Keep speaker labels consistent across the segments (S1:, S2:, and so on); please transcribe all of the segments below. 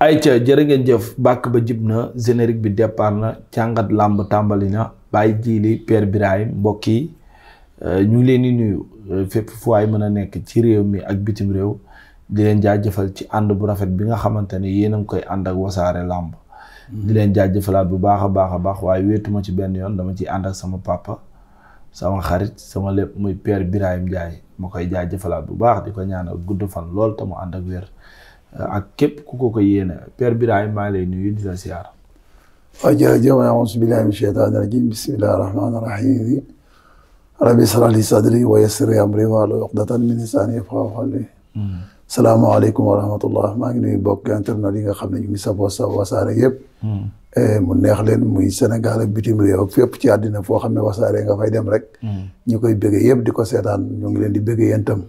S1: ayca jërë ngeen jëf bàkk ba jib na générique bi départ na càngat làmb tàmbali na bàyyi jiili Père Birahim mbokk yi euh, ñu ngi leen di nuyu euh, fépp fu waay mën a nekk ci réew mi ak bitim réew di leen jaajëfal ci ànd bu rafet bi nga xamante ne yéen a ngi koy ànd ak wasaare làmb mm-hmm. di leen jëfalaat bu baax a baax a baax waaye wéetuma ci benn yoon dama ci ànd ak sama papa sama xarit sama lépp muy Père Birahim Ndiaye ma koy jaajëfalaat bu baax di ko ñaanal gudd fan lool te ànd ak wér ak képp ku ko ko yéene Père Birahim maa lay di la siyaar
S2: waaw jërëjëf a'uuzu billahi min shaytaani rajiim bismillahi rahmaani rahiim rabbi israh li sadri wa yassir li amri wahlul uqdatan hmm. maa ngi nuyu bokk internet yi nga xam ne ñu ngi safoo sa wasaare yëpp hmm. e, mu neex leen muy Sénégal ak bitim réew ak ci àddina foo xam ne wasaare nga fay rek hmm. ñu koy bëggee yëpp di ko seetaan ñu ngi leen di bëggee yéen tam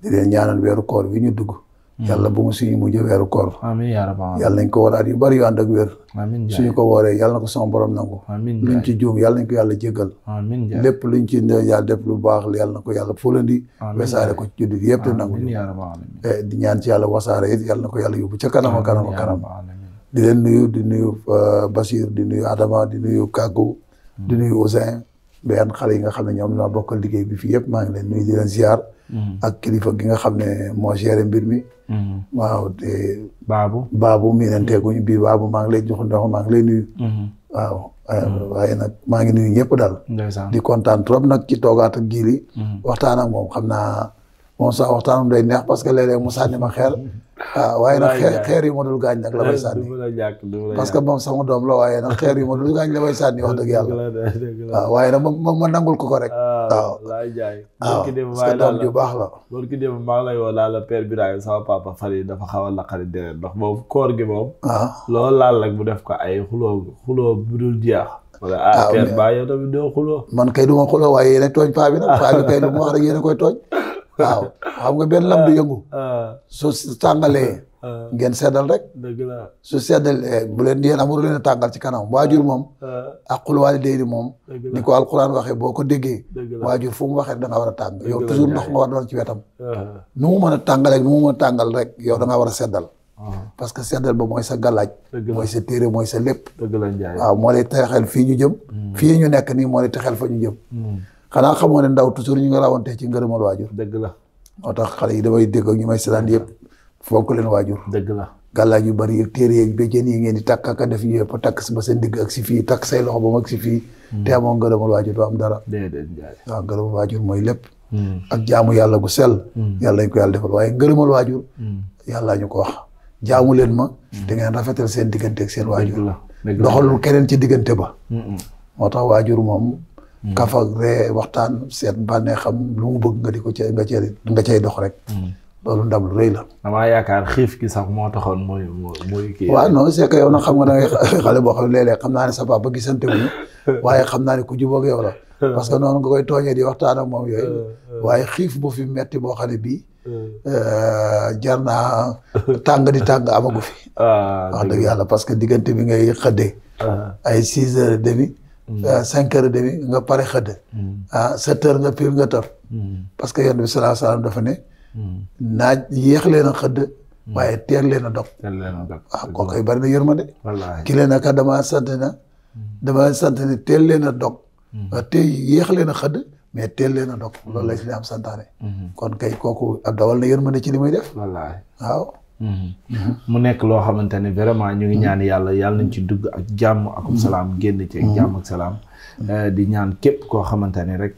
S2: di leen ñaanal weeru koor wi ñu dugg Mm. yàlla bu mu suñu mujj weeru koor
S1: amiin yaa rabbal
S2: yàlla nañ ko waraat yu bari yu ànd ak wér amiin suñu ko wooree yàlla na ko sama borom nangu
S1: amiin luñ ci
S2: juum yàlla nañ ko yàlla jéggal amiin lépp luñ ci ndee yàlla def lu baax yàlla na ko yàlla fulandi wesaare ko ci jullit yëpp te nangu eh, di ñaan ci yàlla wasaare it yàlla na ko yàlla yóbbu ca kanama kanama kanam di leen nuyu di nuyu euh, Bachir di nuyu Adama di nuyu Kaggu mm. di nuyu Ousin benn xale yi nga xam ne ñoom ñoo bokkal liggéey bi fii yëpp maa ngi leen nuyu di leen mm-hmm. ak kilifa gi nga xam ne moo géré mbir mi. Mm-hmm. waaw te. baabu baabu mi leen teguñu bii baabu maa ngi lay jox ndox maa ngi lay nuyu. Mm-hmm. waaw nag maa ngi nuyu ñëpp daal. di kontaan trop nag ci toogaat ak giili waxtaan moom xam naa moom sax waxtaanam day neex parce que léeg mu sànni ma xeer. waaw ah, waaye nag xeer xeer yu ma dul gaañ nag la may sànni que moom sama doom la waaye nag xeer yu ma dul gaañ la may sànni wax dëgg yàlla waaw ah, waaye nag moom ma nangul ko ko rek ah, waaw laay doom ju baax la
S1: loolu ki la père Birahim sama papa fan dafa xaw a laqari deret ndax moom koor gi moom loolu laal rek mu def ko ay xuloo xuloo bu dul jeex ah
S2: man kay du ma xuloo waaye yéen a tooñ paa bi nag paa bi kay lu wax rek yéen a koy tooñ waaw xam nga benn lam du ah. yëngu. Ah. su tàngalee. Ah. ngeen seddal rek.
S1: dëgg la su seddalee eh, bu
S2: leen yéen amul leen a tàngal ci kanam waajur moom. aqul waalidayni moom. ni ko alquran waxee boo ko déggee. waajur fu mu waxee da war a tàng yow toujours ndox nga ci wetam. nu mu rek nu mu tàngal rek yow da nga war seddal. parce que seddal ba mooy sa galaaj mooy sa téere mooy sa lépp. waaw moo lay texel fii ñu jëm. Mm. fii ñu nekk nii moo lay xel fa ñu jëm. Mm. xanaa xamoo ne ndaw toujours ñu nga raawantee ci ngërëmal waajur. dëgg la moo tax xale yi damay dégg ak ñu may seetaan yëpp fonk leen waajur. dëgg la gàllaaj yu bari yëg téere yeeg béjjén yi ngeen di takk ak a def yëpp takk ba seen digg ak si fii takk say loxo ba mu ak si fii. Hmm. te amoo ngërëmal waajur du am dara. déedéet waaw mooy lépp. Hmm. ak jaamu yàlla gu sell. Hmm. yàlla ñu ko yàlla defal waaye ngërëmal waajur. yàlla ñu ko wax jaamu leen ma. da ngeen rafetal seen diggante ak seen waajur. doxalul keneen ci diggante ba. moo tax waajur moom kaf ree waxtaan seet bànnee xam lu mu bëgg nga di ko cay nga cay nga cay dox rek. Mm. loolu ndam lu rëy la.
S1: damaa yaakaar
S2: xiif gi sax moo taxoon mooy mooy kii. waaw xam nga da ngay xale boo xam xam naa ne sa papa gisante wuñu waaye xam naa ne ku jubóog yow la. parce que noonu nga koy tooñee di waxtaan ak moom yooyu. waaye xiif bu fi metti boo xam ne bii. Euh, jar naa tàng di tàng amagu fi. Ah, wax dëgg yàlla parce que diggante bi ngay xëddee. Ah. ay six heures et demi. Mm. Euh, cinq heures et demi nga pare xëdd mm. ah sept heures nga piir nga taf mm. parce que yonent bi sallallahu alayhi wa sallam dafa ne naaj yéex leen a xëdd waaye teel leen a dog waaw ah, kooku ay bari na yërmande ki leen aka dama sant na dama sant ne teel leen a dog a ah, yéex leen a xëdd mais teel leen a dog loolu la si am santaane mm-hmm. kon kay kooku ab dawal na yërmande ci li muy def waaw
S1: mu nekk loo xamante ne vraiment ñu ngi mm-hmm. ñaan yàlla yàlla nañ ci dugg ak jàmm ak mm-hmm. salaam génn ci ak mm-hmm. jàmm ak salaam. Eh, di ñaan képp koo xamante ne rek.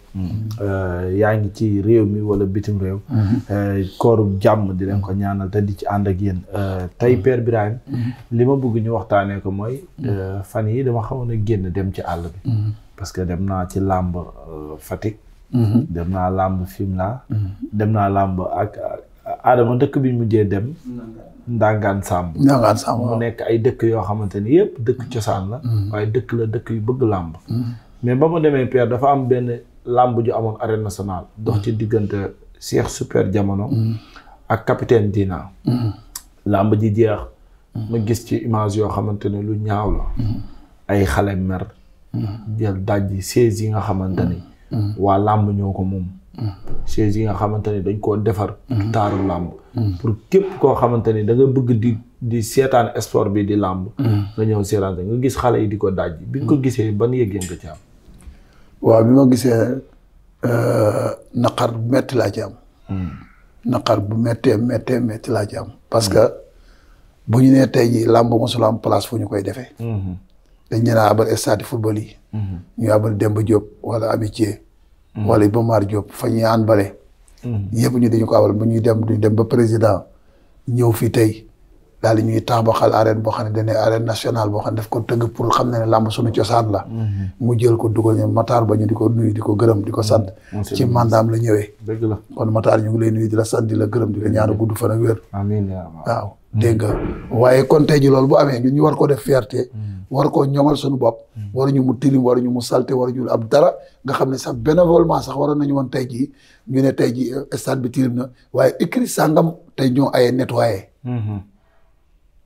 S1: Eh, yaa ngi ci réew mi wala bitim réew. Eh, kooru jàmm di leen ko ñaanal te di ci ànd ak yéen. tey per Birahim. li ma bëgg ñu waxtaanee ko mooy. fan yi dama xamoon a génn dem ci àll bi. parce que dem naa ci làmb Fatick. dem naa làmb Fimela. dem naa làmb ak. Adama dëkk bi mujjee dem. Ndangaan Samb. Ndangaan Samb mu nekk ay dëkk yoo xamante ni yëpp dëkk cosaan la. Mm-hmm. waaye dëkk la dëkk yu bëgg làmb. Mm-hmm. mais ba mu demee Pierre dafa am benn làmb ju amoon arène nationale. Mm-hmm. dox ci diggante Super Jamono. ak capitaine Dina. làmb ji jeex. ma gis ci image yoo xamante ne lu ñaaw la. ay xale mer. jël daj yi nga xamante ni. waa làmb ñoo ko moom. chaise yi nga xamante ni dañ koo defar mm-hmm. taaru làmb mm-hmm. pour képp koo xamante ni da bëgg di di seetaan sport bi di làmb mm-hmm. nga ñëw seetaan nga gis xale yi di ko daaj bi nga ko gisee ban yëg-yëg nga ci am
S2: waaw bi ma gisee
S1: euh, naqar bu metti laa ci am
S2: mm. naqar bu mettee mettee metti laa ci am parce mm. que bu ñu nee tey jii làmb mosul am place fu ñu koy defee dañ ñenaa abal stade football yi ñu abal Demba Diop wala amitié Mm-hmm. wala Iba maar Diop fa ñuy aan bale mm-hmm. yëpp ñu dañu ko abal bu ñuy dem di dem ba président ñëw fi tey daal di ñuy tabaxal arène boo xam ne dañuy arène nationale boo xam ne daf ko tëgg pour xam ne ne làmb suñu cosaan la mm-hmm. mu jël ko dugal ñu Matar ba ñu di ko nuyu di ko gërëm di ko sant ci mandaam la ñëwee dëgg la kon Matar ñu ngi lay nuyu di la sant di la gërëm di la ñaanu gudd fan ak wér waaw dégg nga waaye kon tey ji loolu bu amee ñu war koo def fierté mm. war koo ñoŋal suñu bopp mm. ñu mu tilim ñu mu salte salté waruñu am dara nga xam ne sax bénévolement sax waroon nañu woon tey ji ñu ne tey ji euh, stade bi tilim na waaye écrit sàngam tey ñoo ayee nettoyé mm-hmm.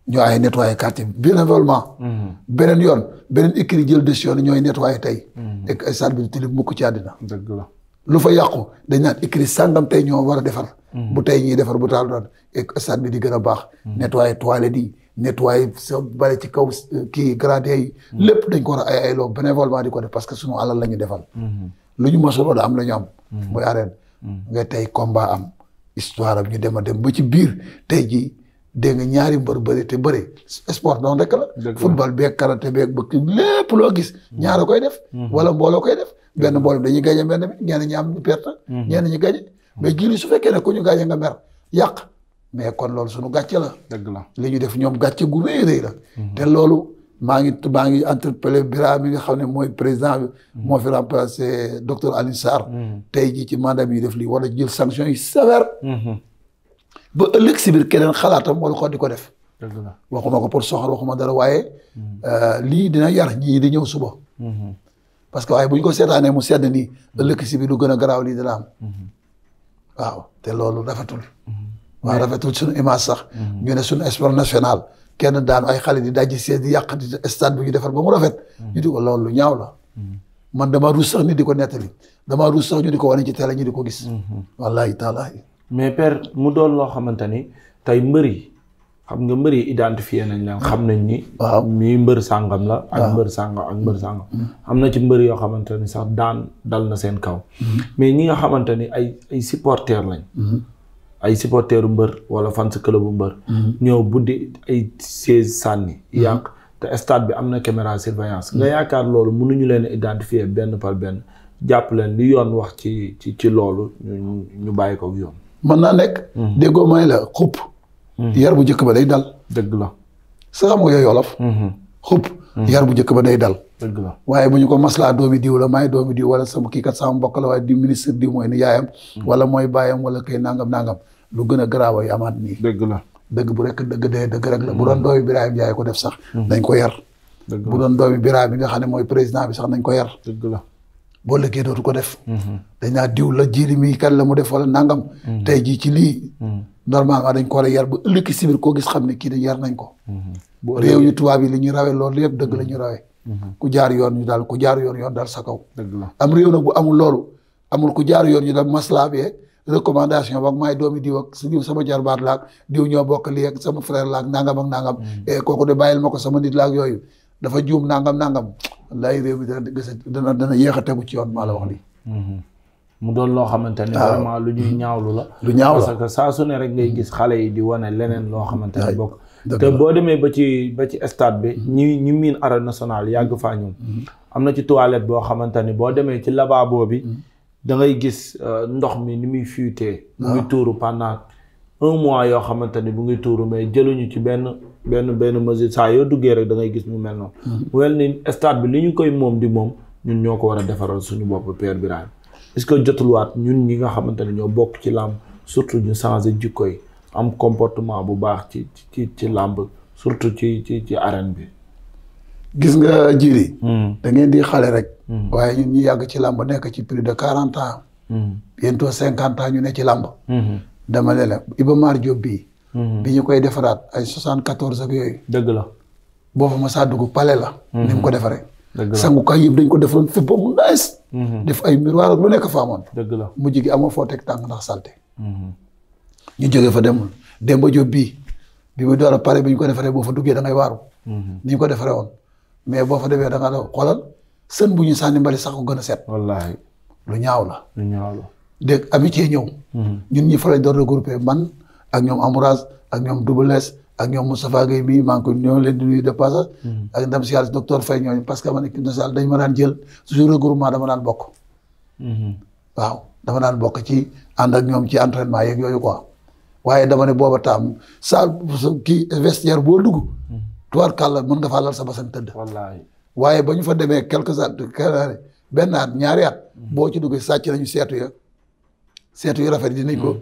S2: ñoo ayee nettoyé quartier bi bénévolement mm-hmm. beneen yoon beneen écrit jël décision ne ñooy nettoyé tey mm-hmm. stade bi tilim mukk ci àddina dëgg la lu fa yàqu dañ naan écrit sàngam tey ñoo war a defar. Mm-hmm. bu tey ñuy defar bu taal doon stade a baax. Mm-hmm. nettoyer toilette yi nettoyer sa bale ci kaw euh, kii gradé yi. Mm-hmm. lépp dañ ko war a ay ayloo bénévolement di ko def parce que sunu alal la ñu defal. lu ñu mosul woon am la am. mooy arène. nga tey combat am histoire am ñu dem a dem ba ci biir tey jii dégg nga ñaari mbër bëri te bëri sport noonu rek la. football beeg karaté beeg bëgg lépp loo gis. ñaara koy def. wala mbooloo koy def. benn mboolem dañuy gañe benn bi ñenn ñi am ñu perte. Mhm. ñenn ñi mhm. su fekkee ne ku ñu gañe nga mer yàq mais kon loolu suñu gàcce la. dëgg la li ñu def ñoom gàcce gu rëy rëy la. Mhm. te loolu maa ngi maa ngi interpellé Bira yi nga xam ne mooy président bi. moo fi remplacé docteur Alioune Sarr. tey jii ci mandat bi def lii wala jël sanction yi sévère. ba ëllëg si biir keneen xalaatam wala ko di ko def. waxuma ko pour soxal waxuma dara waaye. Euh, lii dina yar ñii di ñëw suba. parce que waaye bu ñu ko seetaanee mu sedd nii ëllëg si bi lu gën a garaaw lii dina waaw te loolu rafetul mm-hmm. waa rafetul suñu image sax mm-hmm. ñu ne suñu sport national kenn daan ay xale di dajji seet di yàq di stade bi ñu defar ba mu rafet mm-hmm. ñu di ko loolu lu ñaaw la man dama ruus sax nit di ko nettali dama ruus sax ñu di ko wane ci télé ñu di ko gis wallahi taala
S1: mais père mu doon loo xamante ni tey mbër yi xam nga mbër yi identifié nañ leen xam nañ ni. waaw mii mbër sàngam la. ak mbër sàngam ak mbër sàngam. Mm-hmm. am na ci mbër yoo xamante ni sax daan dal na seen kaw. Mm-hmm. mais ñi nga xamante ni ay ay supporters lañ. Mm-hmm. ay supporteru mbër wala fans club bu mbër. ñoo buddi ay siège sànni. yàq te stade bi am na caméra surveillance. nga yaakaar loolu mënuñu leen identifier benn par benn jàpp leen li yoon wax ci ci ci loolu ñu ñu bàyyi ko yoon.
S2: mën naa nekk. déggoo may la xupp. yar bu jëkk ba day dal. dëgg la sa xam nga yooyu yolof. Mhm. xup mhm. yar bu njëkk ba day dal. dëgg la waaye bu ñu ko maslaa doomi diw la maay doomi diw wala sama kii kat sama mbokk la waaye di ministre diw mooy ni yaayam. Mhm. wala mooy baayam wala kay nangam nangam lu gën a garaaw ay amaat nii. dëgg la dëgg bu rekk dëgg dee dëgg rek la bu doon doomi Birahim Yaay ko def sax. dañ ko yar. bu doon doomi Birahim bi nga xam ne mooy président bi sax nañ ko yar. dëgg la boo lëggee dootu ko def. Mhm. dañ naa diw la jiiri mi kan la mu def wala nangam. Mhm. tey jii ci lii. Mhm. normalement dañ ko war a yar bu ëllëg si biir koo gis xam ne kii de yar nañ ko. réew yu tubaab yi li ñu rawee loolu yëpp dëgg la ñu rawee. ku jaar yoon ñu daal ku jaar yoon yoon daal sa kaw. am réew nag bu amul loolu amul ku jaar yoon ñu daal maslaa bi recommandation ba maay doomi diw ak diw sama jarbaat laak diw ñoo bokk lii ak sama frère laak nangam ak nangam. Eh, kooku de bàyyil ma ko sama nit laak yooyu. dafa juum nangam nangam wallaay réew mi dana dana
S1: dana yéex a tegu ci yoon maa la wax lii. Mhm. mu doon loo xamante ne vraiment lu ñuy ñaawlu lu la parce que saa su ne rek ngay mhm. gis xale yi di wane leneen loo xamante ne bokk. boo demee ba ci ba ci stade bi. Mhm. ñi ñi miin arène nationale yàgg faa am na ci toilette boo xamante ni boo demee ci lavabo bi. da gis euh, ndox mi ni muy fiite mu ngi tuuru pendant un mois yoo xamante ni bu ngi tuuru mais jëluñu ci benn. benn benn mesure saa yoo duggee rek da ngay gis mu mel noonu. mu mm-hmm. mel ni stade bi li ñu koy moom di moom ñun ñoo ko war a defaroon suñu bopp Père Birahim est-ce que jotuluwaat ñun ñi nga xamante ne ñoo bokk ci làmb surtout ñu changer jikko yi am comportement bu baax ci ci ci làmb surtout ci ci ci arène bi. gis nga jiri mm. dangeen di xale rek.
S2: Mm. waaye ñun ñu yàgg ci làmb nekk ci plus de quarante ans. Mm. bientôt cinquante ans ñu ne ci làmb. Mm-hmm. dama ne la Iba bii. Mhm. bi ñu koy defaraat ay soixante quatorze ak yooyu. dëgg la. boo fa ma saa dugg palais la. Mhm. ni mu ko defaree.
S3: sangu la sangukaay
S2: yëpp dañ ko defaroon fépp mu nice. Mhm. def ay miroir ak lu nekk fa amoon. dëgg la mujj gi amoo foo teg tànk ndax salté. ñu jógee fa dem Demba Diop bii bi mu door a pare bi ñu ko defaree boo fa duggee da ngay waaru. ni ñu ko defaree oon mais boo fa demee da nga xoolal sën bu ñu sànni mbali sax ko gën a set. wallaahi lu ñaaw la. lu ñaaw la. dégg amitié ñëw. ñun ñi fa lañ door ak ñoom Amourage ak ñoom Double Less ak ñoom Moustapha Gueye mii maa ngi ko ñoo leen di nuyu de passage. Hmm. ak ndam si yàlla docteur Faye ñooñu parce que man équipe nationale dañ ma daan jël toujours regroupement dama daan bokk. Hmm. waaw dama daan bokk ci ànd ak ñoom ci entraînement yeeg yooyu quoi waaye dama ne booba taam sa kii vestiaire boo dugg. Hmm. tuwaat kàlla mën nga faa lal sa basan tëdd. wallaay waaye ba ñu fa demee quelques at benn at ñaari at. boo ci duggee sàcc nañu seetu ya seetu yu rafet dinañ ko.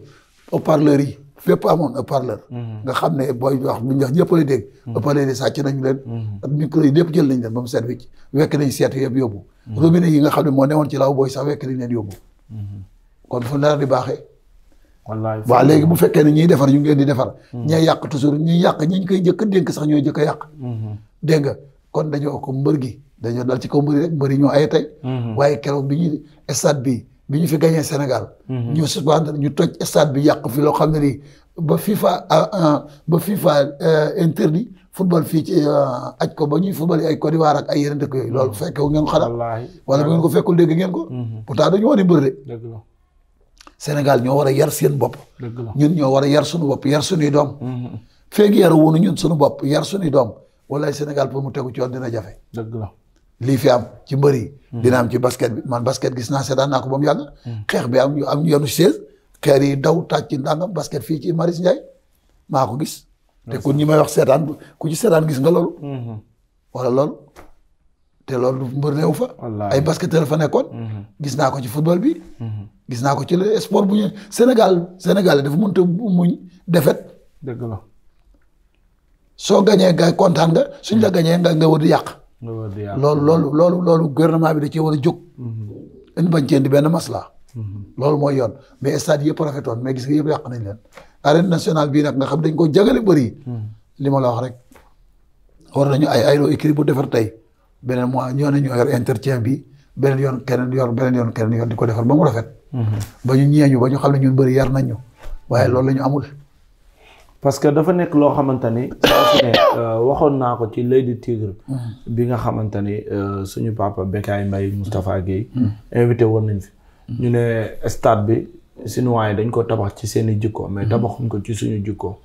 S2: haut-parleur yi. lépp amoon haut-parleur mhm. nga xam ne booy wax bu ñu wax ñëpp lay dégg mhm. haut-parleur yi sàcc nañu leen mhm. ak micro yi lépp jël nañ leen ba mu seet wicc wekk nañ seet yëpp yóbbu robinet yi nga xam ne moo newoon ci law booy sax wekk nañ leen yóbbu kon fu nar di baaxee wallaay waaw léegi bu fekkee ne ñiy defar ñu ngeen di defar ñay yàq toujours ñuy yàq ñiñ koy jëkk dénk sax ñooy jëkk a yàq dégg nga kon dañoo ko mbër gi dañoo dal ci ko mbër yi rek mbër ñoo ay tey waaye keroog bi ñu stade bi bi ñu fi gagné Sénégal. Mhm. ñu suspendre ñu toj stade bi yàq fi loo xam ne nii ba FIFA ah, ah, ba FIFA euh, interdit football fii ci euh, aj ko ba ñuy football ay Côte d'Ivoire ak ay yeneen dëkk yooyu loolu mhm. fekke wu ngeen xalaat. wala bu ngeen ko fekkul dégg ngeen ko. Mhm. pourtant dañu war a mbër de. ñoo war a seen bopp. ñun ñoo war yar suñu bopp yar suñuy doom. feeg yar wuñu ñun suñu bopp yar suñuy doom. walaay Sénégal pour mu tegu ci yoon dina jafe. dëgg la. lii fi am ci mbër yi dina am ci basket bi man basket gis naa seetaan naa ko ba mu yàgg xeex bi am ñu am ñu yenu chaise xeer yi daw tàcc ci ndàngam basket fii ci Maris Ndiaye maa ko gis te ku ñi may wax seetaan ku ci seetaan gis nga loolu mhm. wala loolu te loolu mbër neew fa ay basketteur fa nekkoon mhm. gis naa ko ci football bi mhm. gis naa ko ci le sport bu ñu senegal Sénégal dafa mënta muñ defet dëgg soo gañee nga kontaan nga suñ la gañee nga nga di yàq
S1: loolu
S2: loolu loolu loolu gouvernement bi da cee war a jóg. Mm-hmm. dañu bañ cee indi benn masla mm-hmm. loolu mooy yoon mais stade yëpp rafetoon mais gis nga yëpp yàq nañ leen. arène nationale bii nag nga xam dañ ko jagale bëri. Mm-hmm. li wax rek. war nañu ay aéro écrit bu defar tey beneen mois ñoo ne yor entretien bi beneen yoon keneen yor beneen yoon keneen yor di ko defar ba mu rafet. ba ñu ñeeñu ba ñu xam ne ñun bëri yar nañ
S1: waaye loolu la amul. parce que dafa nekk loo xamante ni euh, waxoon naa ko ci Lady Tigre bi nga xamante ni euh, suñu papa Bécaye mbay Moustapha Guèye mm. invité woon nañ fi mm. ñu ne stade bi Chinois yi dañ ko tabax ci seen i jikko mais mm. tabaxuñ ko ci suñu jikko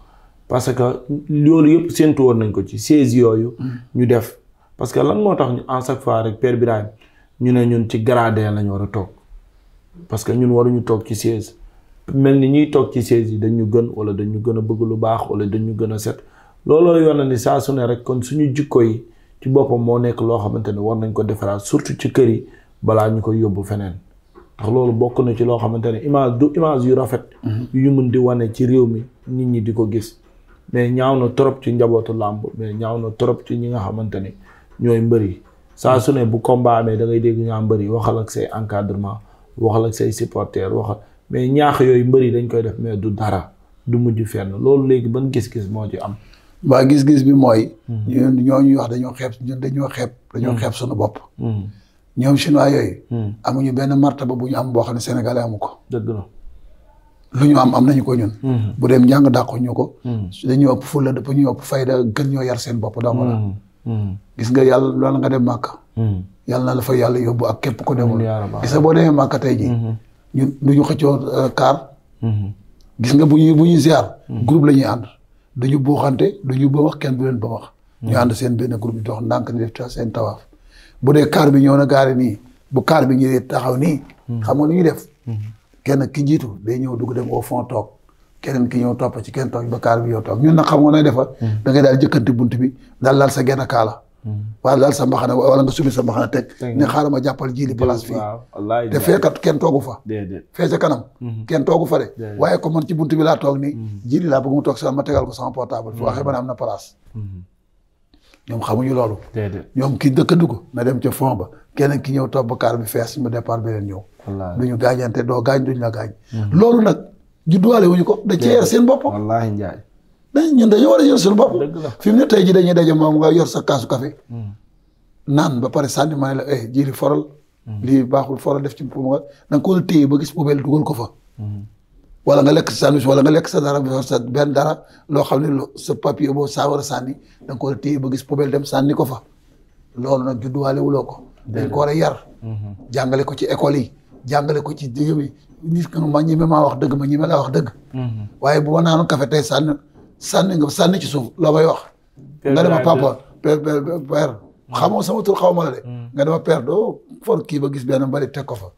S1: parce que loolu yëpp séntu woon nañ ko ci seize yooyu ñu def parce que lan moo tax ñu en chaque fois rek Père Birahim ñu ne ñun ci gradin lañ war a toog parce que ñun waruñu toog ci seize mel ni ñuy toog ci chaise yi dañu gën wala dañu gën a bëgg lu baax wala dañu gën a set looloo yoon na ni saa sune rek kon suñu jikko yi ci boppam moo nekk loo xamante ne war nañ ko defaraat surtout ci kër yi balaa ñu koy yóbbu feneen ndax loolu bokk na ci loo xamante ne image du image yu rafet. Mm-hmm. yu mun di wane ci réew mi nit ñi di ko gis. mais ñaaw na trop ci njabootu làmb mais ñaaw na trop ci ñi nga xamante ne ñooy mbër yi saa sune bu combat da ngay dégg ñaa mbër yi waxal ak say encadrement waxal ak say supporters mais ñaax yooyu mbëri dañ koy def mais du dara du mujj fenn loolu léegi ban gis-gis moo ci am. waa gis-gis bi mooy.
S2: Hmm. ñun ñooñu wax dañoo xeeb ñun dañoo xeeb. dañoo hmm. xeeb suñu bopp. Hmm. ñoom chinois yooyu. amuñu benn martaba bu ñu am boo xam ne sénégalais amu ko. dëgg la lu ñu nañu ko ñun. bu dem njàng dàqu ñu ko. dañoo ëpp fulla dafa ñu ëpp fayda gën ñoo yar seen bopp. dama la gis nga yàlla loolu nga dem màkk. yàlla na la fa yàlla yóbbu ak képp ku demul. gis nga boo demee màkk tey ñu du ñu xëccoo euh, kaar. Mm-hmm. gis nga bu ñuy bu ñu ziar. Mm-hmm. groupe la ñuy ànd. du ñu buuxante du ñu ba wax kenn bu leen ba wax. Mm-hmm. ñu ànd seen benn groupe bi dox ndànk ni def seen tawaaf. bu dee kaar bi ñëw na gaari nii bu kaar bi ñëwee taxaw nii. xam nga lu ñuy def. kenn ki jiitu day ñëw dugg dem au fond toog. keneen ki ñëw topp ci kenn toog ba kaar bi yow toog ñun nag xam nga nooy defar. da ngay daal jëkkante bunt bi daal laal sa genn kaala. waaye daal sa mbaxana wala nga sumi sa mbaxana teg ne xaaral ma jàppal jiili place
S1: fii te kenn toogu fa fee ca kanam mhm.
S2: kenn toogu fa de waaye comme man ci buntu bi laa toog nii mhm. jiili laa bëgg mu toog sa ma tegal ko sama portable fu mhm. waxee ma ne am na place ñoom xamuñu loolu ñoom kii dëkkandu ko na dem ca fond ba keneen ki ñëw topp kaar bi fees mu départ beneen ñëw duñu gaañante doo gaañ duñu la gaañ loolu nag judduwaale wuñu ko da cee yar seen bopp dañ ñun dañu war a jël suñu bopp. fi mu a ji dañuy daje moom nga yor sa kaasu café hmm. naan ba pare sànni maa la eh jiiri foral. Hmm. lii baaxul foral def ci pour da nga koo téye ba gis poubelle dugal ko fa. Hmm. wala nga lekk sa wala nga lekk sa dara yor sa benn dara loo xam ne sa papier boobu saa war a sànni da nga ko téye ba gis poubelle dem sànni ko fa. loolu nag judduwaale ko. dañ ko war a yar. jàngale ko ci école yi jàngale ko ci dégg bi nit ma ñi ma wax dëgg ma ñi ma la wax dëgg. waaye bu ma naanu sànni nga sànni ci suuf loo may wax.
S3: nga ma papa
S2: père père xamoo sama tur xaw ma la de. Hmm. nga dama père doo for kii ba gis benn mbari teg ko fa.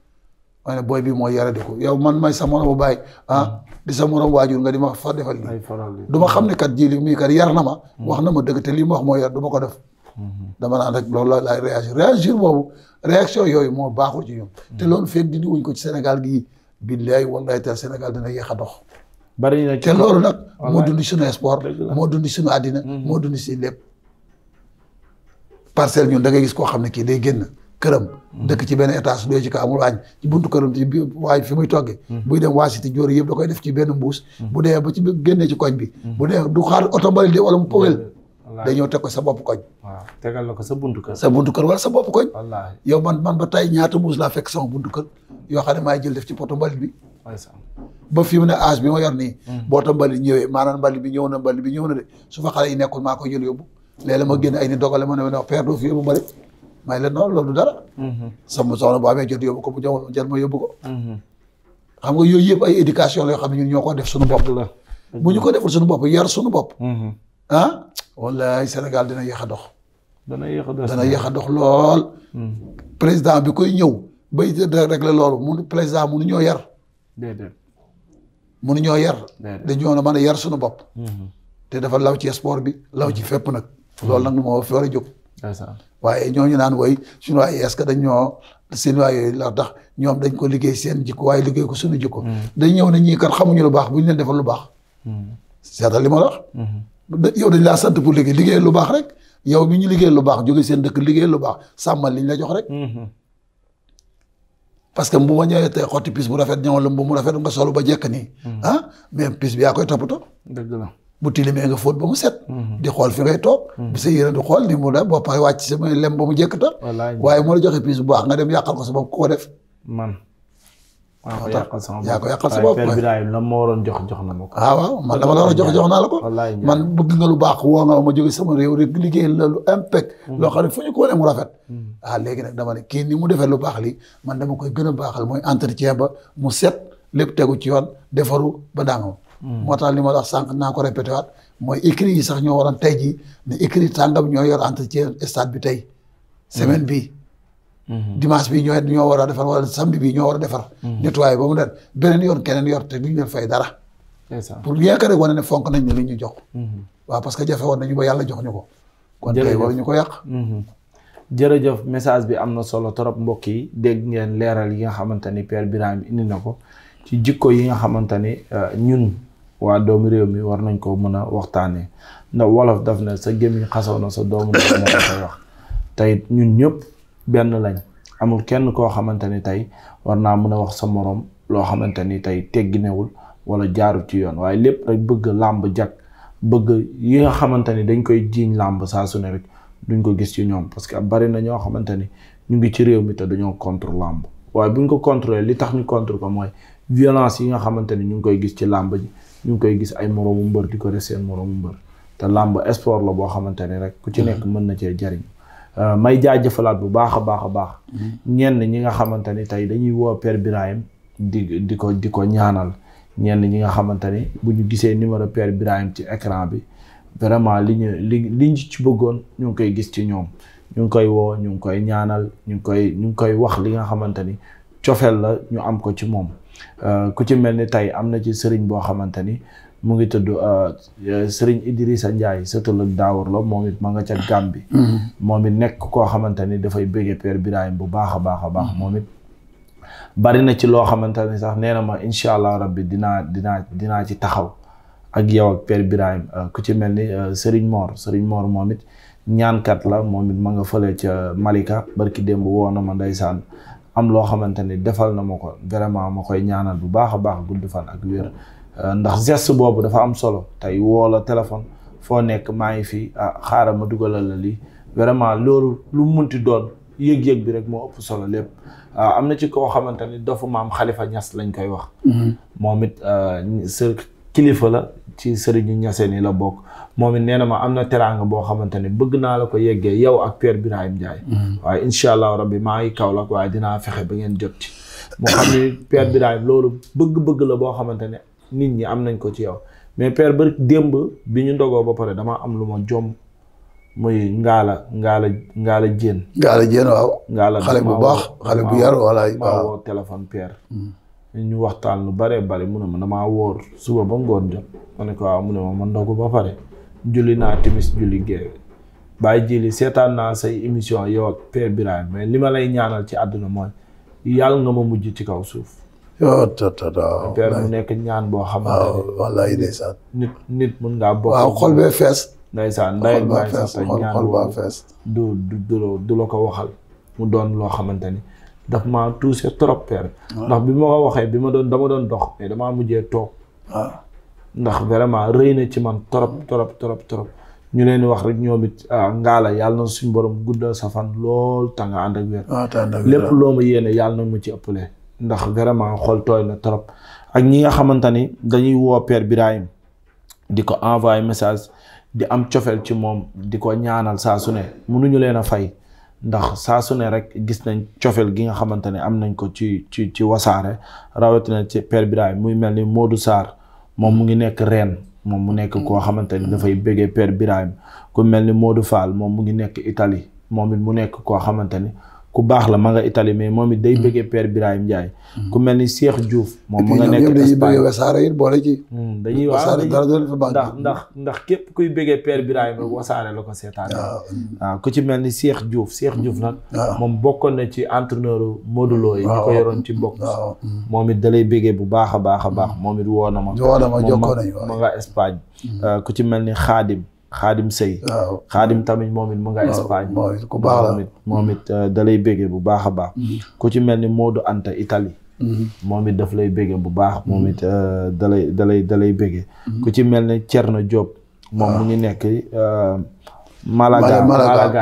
S2: ma ne booy bi mooy yara ko yow man may sa moromu baay ah hmm. di sa moromu waajur nga di ma fa defal lii. du ma xam ne kat jii li muy kat yar na ma. Hmm. wax na ma dëgg te lii ma wax mooy yar du ma ko def. dama naan rek loolu la laay réagir réagir boobu yooyu moo baaxul ci ñoom. te loolu feeg dindi wuñ ko ci Sénégal gi billaay wallaay te Sénégal dina yéex a dox. bari na ci te loolu nag moo dund suñu sport moo dund suñu àddina mhm. moo dund si lépp parcelle ñun da gis koo xam ne kii day génn këram mhm. dëkk ci benn étage doy ci ko amul waañ ci buntu këram fi muy toggee mhm. buy dem waasiti jóori yëpp da koy def ci benn mbuus bu dee ba ci génnee ci koñ bi bu dee du xaar oto mbali de wala mu powel day ñëw teg ko sa bopp koñ
S1: waaw tegal la ko sa buntu kër sa buntu kër wala sa bopp koñ
S2: yow man man ba tey ñaata mbuus laa fekk sama buntu kër yoo xam ne maay jël def ci poto mbalit bi ba fi mu ne âge bi ma yor nii boo ta mbalit ñëwee maanaam mbalit bi ñëw na mbalit bi ñëw na de su fa xale yi nekkul maa koy jël yóbbu léeg-léeg ma génn ay ni dogale ma ne ma père doo fi yóbbu mbalit may leen noonu loolu du dara sama soxna bu amee jot yóbbu ko bu jox jot ma yóbbu ko xam nga yooyu yëpp ay éducation la yoo xam ne ñun ñoo ko def suñu bopp la bu ñu ko deful suñu bopp yar suñu bopp mm-hmm. ah wallaay Sénégal dina yéex a dox dana yéex a dox dana yéex a dox lool
S1: mm-hmm.
S2: président bi koy ñëw bay régler loolu mun président munu ñoo yar déedéet. mënuñoo yar. déedéet dañoo man a yar suñu bopp. Mhm. te dafa law ci sport bi law ci fépp nag. Mhm. loolu nag moo fi war a jóg. waaye ñooñu naan woy suñu yi est-ce que dañ ñoo chinois yooyu la tax ñoom dañ ko liggéey seen jikko waaye liggéey ko suñu jikko. Mhm. dañ ñëw ne ñii kat xamuñu lu baax bu ñu leen defal lu baax. seetal li ma wax. yow dañ laa sant pour liggéey liggéey lu baax rek yow bi ñu liggéey lu baax jóge seen dëkk liggéey lu baax sàmmal liñ la jox rek. parce que mbu ma ñëwee tey xotti pis bu rafet ñëwal la mbu mu rafet nga solu ba jekk nii. Hmm. ah mais pis bi yaa koy toppatoo. dëgg bu tilimee nga fóot ba mu set. Hmm. di xool fi ngay toog. Hmm. bu sa yére du xool ni mu da boo paree wàcc sa lem ba mu jekk ta. waaye moo la joxe pis bu baax nga dem yàqal ko sa bopp ko def.
S1: waaw yaa ko yàqal sa bopp waaye waaye lan ma waroon jox jox na ma ko. ah waaw la a jox jox naa la ko. man
S2: bëgg nga lu baax woo nga ma jóge sama réew rek liggéeyal la lu impec. Mm. loo xam ne fu ñu ko wane mu rafet. Mm. ah léegi nag dama ne kii ni mu defee lu baax li man dama koy gën a baaxal mooy entretien ba mu set lépp tegu ci yoon defaru ba daangoo. Mm. moo tax li ma wax sànq naa ko répété waat mooy écrit yi sax ñoo waroon tey jii ne écrit tàngam ñoo yor entretien stade bi tey semaine bii. Mhm. dimanche bi ñoo ñoo war a defar wala samedi bi ñoo war a defar. Mhm. nettoyé ba mu dem beneen yoon keneen yor te duñ leen fay dara. pour ñu jox. Mhm. waaw yàlla jox ñu ko.
S1: kon tey war ñu ko yàq. jërëjëf message bi am na solo trop mbokk yi dégg ngeen leeral yi nga xamante ni Père Birahim indi na ko ci jikko yi nga xamante ni euh, ñun waa doomu réew mi war nañ ko mën a waxtaanee ndax wolof daf ne sa gémmiñ xasaw na sa doomu réew mi wax tey ñun ñëpp. benn lañ amul kenn koo xamante ni tey war naa mën a wax sa morom loo xamante ni tey tegginewul wala jaarul ci yoon waaye lépp a bëgg làmb jag bëgg yi nga xamante ni dañ koy jiiñ làmb saa su rek duñ ko gis ci ñoom parce que bari na ñoo xamante ni ñu ngi ci réew mi te duñoo contre làmb waaye buñ ko contrôler li tax ñu contre ko mooy violence yi nga xamante ni ñu ngi koy gis ci làmb ji ñu ngi koy gis ay moroomu mbër di ko def seen moroomu mbër te làmb sport boo xamante ni rek ku ci nekk mën na cee jariñ Euh, may jaajëfalaat bu baax a baax a baax. Mm-hmm. ñenn ñi nga xamante ni tey dañuy woo Père Birahim di di ko di ko ñaanal ñenn ñi nga xamante ni bu ñu gisee numéro Père Birahim ci écran bi vraiment li ñu li liñ ci bëggoon ñu ngi koy gis ci ñoom ñu ngi koy woo ñu ngi koy ñaanal ñu ngi koy ñu ngi koy wax li nga xamante ni cofeel la ñu am ko ci moom euh, ku ci mel ni tey am na ci sëriñ boo xamante ni. mu ngi tudd euh, euh, Serigne Idrissa Ndiaye sa ak Daawar Lo moom it ma nga ca bi mm-hmm. moom it nekk koo xamante ni dafay bëggee Père Birahim bu baax a baax a baax mm-hmm. moom it bari na ci loo xamante ni sax nee na ma incha allah rabbi dinaa dina dinaa ci taxaw ak yow ak Père Birahim euh, ku ci mel ni Serigne Mor Serigne moor moom it ñaankat la moom it ma nga fële ca Malika barki démb woo na ma ndeysaan am loo xamante ni defal na ma ko vraiment ma koy ñaanal bu baax a baax gudd ak wér Euh, ndax geste boobu dafa am solo tey woo la téléphone foo nekk maa ngi fi ah xaaral ma dugalal la lii vraiment loolu lu ti doon yëg-yëg bi rek moo ëpp solo lépp ah, am na ci koo xamante ni dofu maam xalifa ñas lañ koy wax. Mm-hmm. moom it ah, sër kilifa la ci sëriñu Niassène ni la bokk moom it nee na ma am na teraanga boo xamante ni bëgg naa la ko yeggee yow ak Père Birahim Ndiaye. Mm-hmm. waaye incha allah rabbi maa ngi Kaolack waaye dinaa fexe ba ngeen jot ci. moo xam ni Père Birahim nit ñi am nañ ko ci yow mais père ba démb bi ñu ndogoo ba pare dama am lu ma jom muy ngaala ngaala ngaala jéen ngaala jéen waaw ngaala xale bu baax xale bu yar wala maa woo hmm. ñu waxtaan lu bare bare mu ne ma damaa wóor suba ba ngoon ko mu ne ma ma ndogu ba pare julli naa timis julli géewe bàyyi jili seetaan naa say émission yow ak père mais li ma lay ñaanal ci àdduna mooy yàlla nga ma mujj ci kaw suuf yoo tata mu nekk ñaan boo xamante ne wallaay ndeysaan nit nit mun ngaa bokk waaw xol bee fees ndeysaan ndayet baay sax te ñaan boobu du du du la ko waxal mu doon loo xamante ni daf maa touché trop père ndax bi ma waxee bi ma doon dama doon dox dama damaa mujjee toog ndax vraiment rëy na ci man trop trop trop trop ñu leen wax rek ñoom it ah, ngaala yàlla na suñu borom guddal sa fan lool te nga ànd ak wér ah, lépp loo ma yéene yàlla na mu ci ëppale ndax vraiment xol tooy na trop ak ñi nga xamante ni dañuy woo Père Birahim di ko envoyé message di am cofeel ci moom di ko ñaanal saa su ne mënuñu leen a fay ndax saa su ne rek gis nañ cofeel gi nga xamante ne am nañ ko ci ci ci wasaare rawatina ci Père Birahim muy mel ni Modou Sarr moom mu ngi nekk reen moom mu nekk koo xamante ni dafay bëggee Père Birahim ku mel ni Modou Fall moom mu ngi nekk Italie moom it mu nekk koo xamante ni ku baax la ma nga Italie mais moom it day mm. bëggee peer Birahim Ndiaye. Mm. ku mel ni Cheikh Diouf. moom ma nga nekk Espagne wasaare it boole mm, dañuy wasaare dara doon ndax ndax képp kuy bëggee Père Birahim rek wasaare la ko seetaan. ku ci mel ni Cheikh Diouf Cheikh Diouf nag. moom bokkoon na ci entraîneur Modou Lo yoroon ci bopp. moom it dalay bëggee bu baax a baax a baax moom it woo na ma. woo na euh, ku ci mel ni Khadim. xaadim sëy xaadim tamit moom it mu nga Espagne ku moom it euh, da lay bu baax a baax mm-hmm. ku ci mel ni Modou Anta mm-hmm. moom it daf lay béggee bu baax moom it euh, da lay da lay da mm-hmm. ku ci mel ni Thierno Diop moom mu ngi nekk euh, Malaga Malaga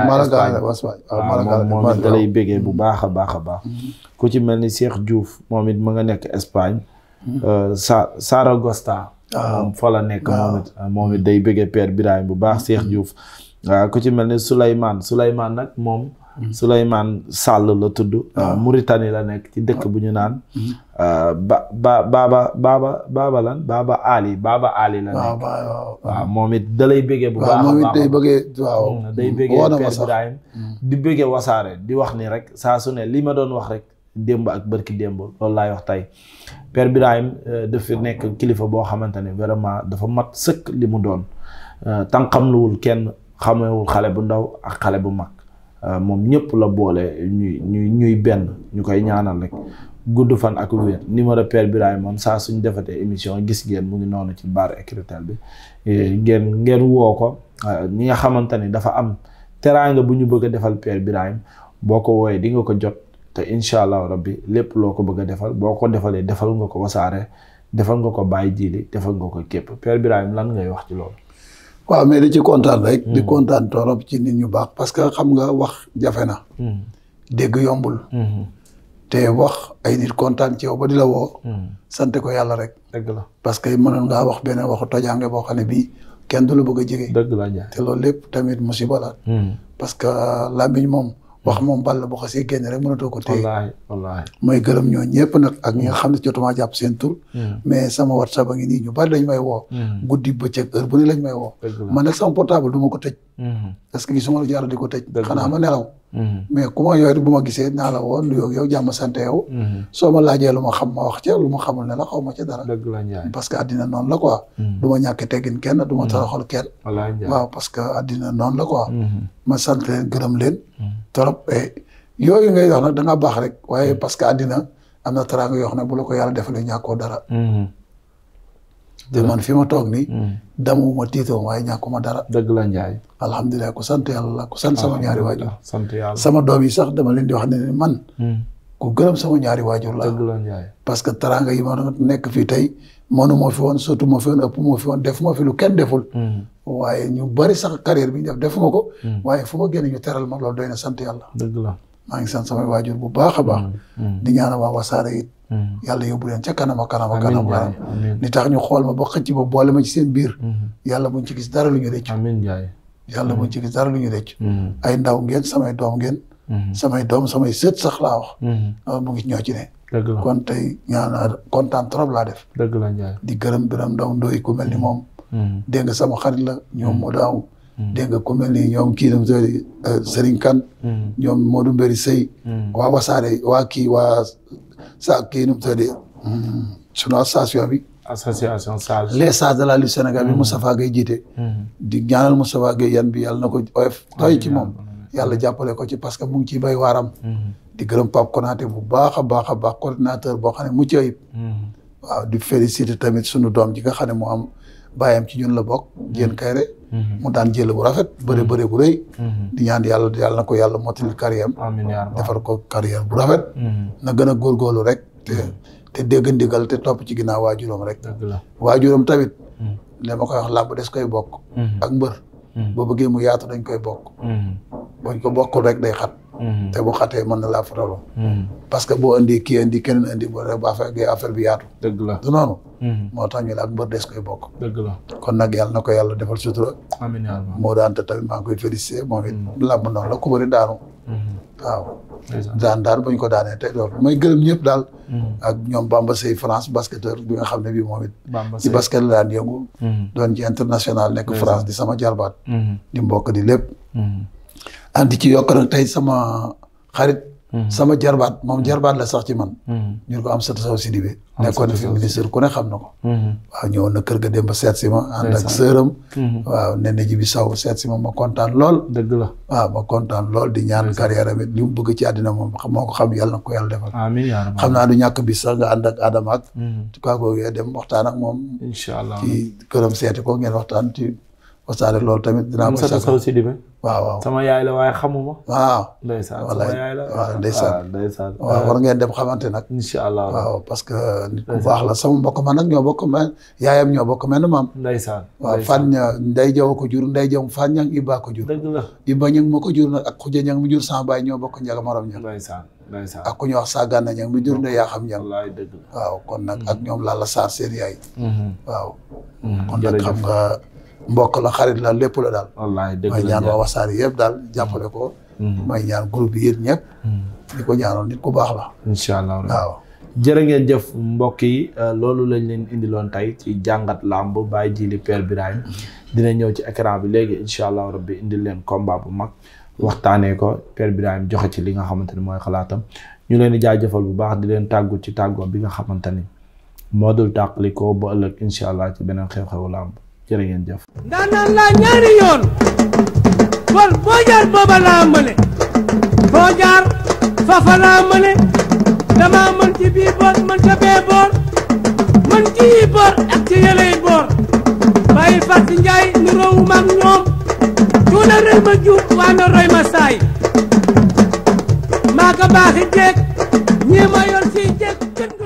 S2: Espagne moom it da lay
S1: bu baax a baax a baax ku ci mel ni Cheikh Diouf moom it mu nga nekk Espagne sa Saragosta moom ah. fa la nekk ah. Ah, moom it day bëggee Père Birahim bu baax Cheikh mm-hmm. Diouf waaw ku ci mel ni Souleymane Souleymane nag moom mm-hmm. Souleymane sàll la tudd Mauritanie la nekk ci dëkk bu ñu naan mm-hmm. ba ba baaba baaba baaba lan baaba Ali baaba Ali la nekk waaw moom it da bëggee bu baax moom it mm, day bëggee waaw day mm. di bëggee wasaare di wax ni rek saa su ne li ma doon wax rek démb ak bërki démb loolu laay wax tey Père Birahim euh, daf fi nekk kilifa boo xamante ne vraiment dafa mat sëkk li mu doon euh, tànqamluwul kenn xamewul xale bu ndaw ak xale bu mag euh, moom ñëpp la boole ñuy ñuy ñuy benn ñu koy ñaanal rek gudd fan ak wér numéro Père Birahim moom saa suñ defatee émission gis ngeen mu ngi noonu ci bar écritel bi ngeen ngeen woo ko ñi nga xamante ni dafa am teraanga bu ñu bëgg a defal Père Birahim boo ko wooyee di ko jot te incha allah rabbi lépp loo ko bëgg a defal boo ko defalee defal nga ko wasaare defal nga ko bàyyi jiili defal nga ko képp Père Birahim lan ngay wax ci loolu. waaw mais di ci kontaan rek. Hmm. di kontaan torop
S2: ci nit ñu baax parce xam nga wax jafe na. Hmm. dégg yombul. Hmm. te wax ay nit kontaan ci yow ba di la woo. sant ko yàlla rek. dëgg la parce que mënoon ngaa wax beneen waxu tojaange boo xam ne bii kenn du la bëgg a jege. dëgg la te loolu lépp tamit musiba la. parce que làmmiñ wax moom bal la boo xasee génn rek mënatoo ko téye. wallaahi wallaahi. mooy gërëm ñoo ñëpp nag ak ñi nga xam ne jotuma jàpp seen tur. Hmm. mais sama whatsapp a ngi nii ñu bari lañ may woo.
S3: Hmm. guddi
S2: bëccëg heure bu ne lañ may woo. man nag sama portable du ko tëj. Hmm. parce que gisuma lu jar di ko tëj. xanaa ma nelaw. Mhm. mais ku ma yooyu bu ma gisee naa la woon yow yow jàmm sant yow. Mhm. soo ma laajee lu ma xam ma wax ca lu ma xamul ne xaw ma ca que addina noonu la quoi. Mhm. du ma teggin kenn du ma toroxal kenn.
S3: waaw
S2: parce que addina noonu la quoi. ma sant leen gërëm leen. trop et eh, yooyu ngay wax nag da nga baax rek waaye parce que addina am na teraanga yoo xam ne bu la ko yàlla defalee ñàkkoo dara. te man fi ma toog nii. Mm. damuma tiitoo waaye ñàkkuma dara. dëgg la Ndiaye. alhamdulilah ku sant yàlla ku sant sama ñaari waajur. sant yàlla sama doom yi sax dama leen di wax ne man. Mm. ku gërëm sama ñaari waajur la. dëgg la Ndiaye. parce que teraanga yi ma nekk fii tey mënu ma fi woon surtout fi woon ëpp ma fi woon def fi lu kenn deful. Mm. waaye ñu bari sax carrière bi ñu defuma ko. waaye fu génn ñu teral ma loolu doy na sant yàlla. maa ngi sant samay waajur bu baax a baax. Mm, mm. di ñaanal waa wasaare it. Mm. yàlla yóbbu leen ca kanam ak kanam ak kanam. ni tax ñu xool ma ba xëcc ba boole ma ci seen biir. Mm-hmm. yàlla bu ci gis dara lu ñu rëcc. amiin jaay yàlla mm-hmm. ci gis dara lu ñu rëcc. Mm-hmm. ay ndaw ngeen samay doom ngeen. samay doom samay sët sax laa wax. mu ngi ñoo ci ne. dëgg la kon tey ñaan kontaan trop laa def. dëgg la Ndiaye. di gërëm biram ndaw ndoy ku mel ni moom. dégg nga sama xarit la ñoom mu daaw. Mm. dégg nga ku mel ni ñoom kii dem euh, Serigne Kane mm. ñoom Modou Mbéri Sey mm. waa Wasaare waa kii waa sa kii nu mu tuddee sunu association bi
S1: association Sage
S2: les sages de la lutte Sénégal bi Moustapha Gueye di ñaanal Moustapha Gueye yan bi na ko oyof tooy ci moom yàlla jàppale ko ci parce que mu ngi ciy bay waaram di gërëm Pape Konaté bu baax a baax a baax coordinateur boo xam ne mucc ayib waaw di féliciter tamit sunu doom ji nga xam ne moo am bàyyam ci ñun la bokk jéen kayre mm-hmm. mu daan jël bu rafet bëre bëre bu rëy mm-hmm. di ñaan yàlla yàlla na ko yàlla mottali carrière defar ko carrière bu rafet mm-hmm. na gën a góorgóorlu rek te te dégg ndigal te topp ci ginnaaw waajuróom rek waajuróom tamit li ma koy wax làmb des koy bokk ak mbër Mm. boo bëggee mu yaatu dañ koy bokk. Mm. bañ ko bokkul rek day xat. Mm. te bu xatee mën na laa faraloo. parce que boo indi kii indi keneen indi boo rek ba fekkee affaire bi yaatu. dëgg la du noonu. moo tax ñu ne ak mbër des koy bokk. kon nag yàlla na ko yàlla defal sutura. amiin moo daan te tamit maa koy félicité moom it làmb noonu la ku daanu. waaw daan daal buñ ko daanee tey loolu may gërëm ñëpp daal mm. ak ñoom Bamba Sey France basketteur bi nga xam ne bii moom it ci basket daan yëngu mm. doon ci international nekk France di sama jarbaat mm. di mbokk di lépp and ci yokk nag tey sama xarit Mhm. sama jarbaat moom mhm. jarbaat la sax ci man. Mhm. ñu ko am sa tasaw Sidibé. nekkoon fi ministre ku ne xam na ko.
S3: waaw
S2: ñëwoon na kër ga dem ba seet si ma. ànd ak sëram. waaw nee na ji bi saw seet si ma ma kontaan lool. dëgg la waaw ma kontaan lool di ñaan carrière am it li ci àddina moom moo ko xam yàlla na ko yàlla defal. xam naa du ñàkk bi sax nga ànd ak Adama ak. en dem waxtaan ak moom. ci këram seeti ko ngeen waxtaan ci. wasaare loolu tamit dinaa ko. sagal si dime waaw waaw
S1: sama yaay la waaye xamuma. waaw ndeysaan sama yaay la waaw ndeysaan ngeen
S2: dem xamante nag. waaw parce que nit ku baax la sama mbokk ma nag ñoo bokk ma yaayam ñoo bokk mel na maam. ndeysaan waaw fan nday jaw ko jur nday jaw fan ñang ibaa ko jur. dëgg la ibaa ñang ma ko jur nag ak xuja ñang mi jur sama baay ñoo yaa xam ñang. la waaw kon nag mm-hmm. ak ñoom laa la saar seen yaay.
S3: Mm-hmm. Mm-hmm. kon nag xam
S2: nga mbokk la xarit la lépp la daal. wallaahi dëgg la may ñaan yëpp
S1: daal jàppale ko. Mm-hmm. may ñaan groupe yi yëpp ñëpp. Mm-hmm. ko ñaanal nit ku baax la. incha allah waaw. ngeen jëf mbokk yi euh, loolu lañ leen indiloon tey ci jàngat làmb Baye Djily Père Birahim mm-hmm. dina ñëw ci écran bi léegi incha allah rabbi indil leen combat bu mag waxtaanee ko Père Birahim joxe ci li nga xamante ne mooy xalaatam ñu leen di jaajëfal bu baax di leen tàggu ci tàggoo bi nga xamante ni moo dul tàqali ko ba ëllëg incha allah ci beneen xew làmb jërë ngeen jëf ndaanaan laa ñaari yoon kon boo jaar booba laa mëne foo jaar fafa laa mëne dama mën ci bii boor mën ca bee boor mën ci yi boor ak ci yëley boor bàyyi fàtt njaay nu roowu maag ñoom cuuna rëy ma juub waa na roy ma saay maa ko baaxi jeeg ñii
S3: ma yor si jeeg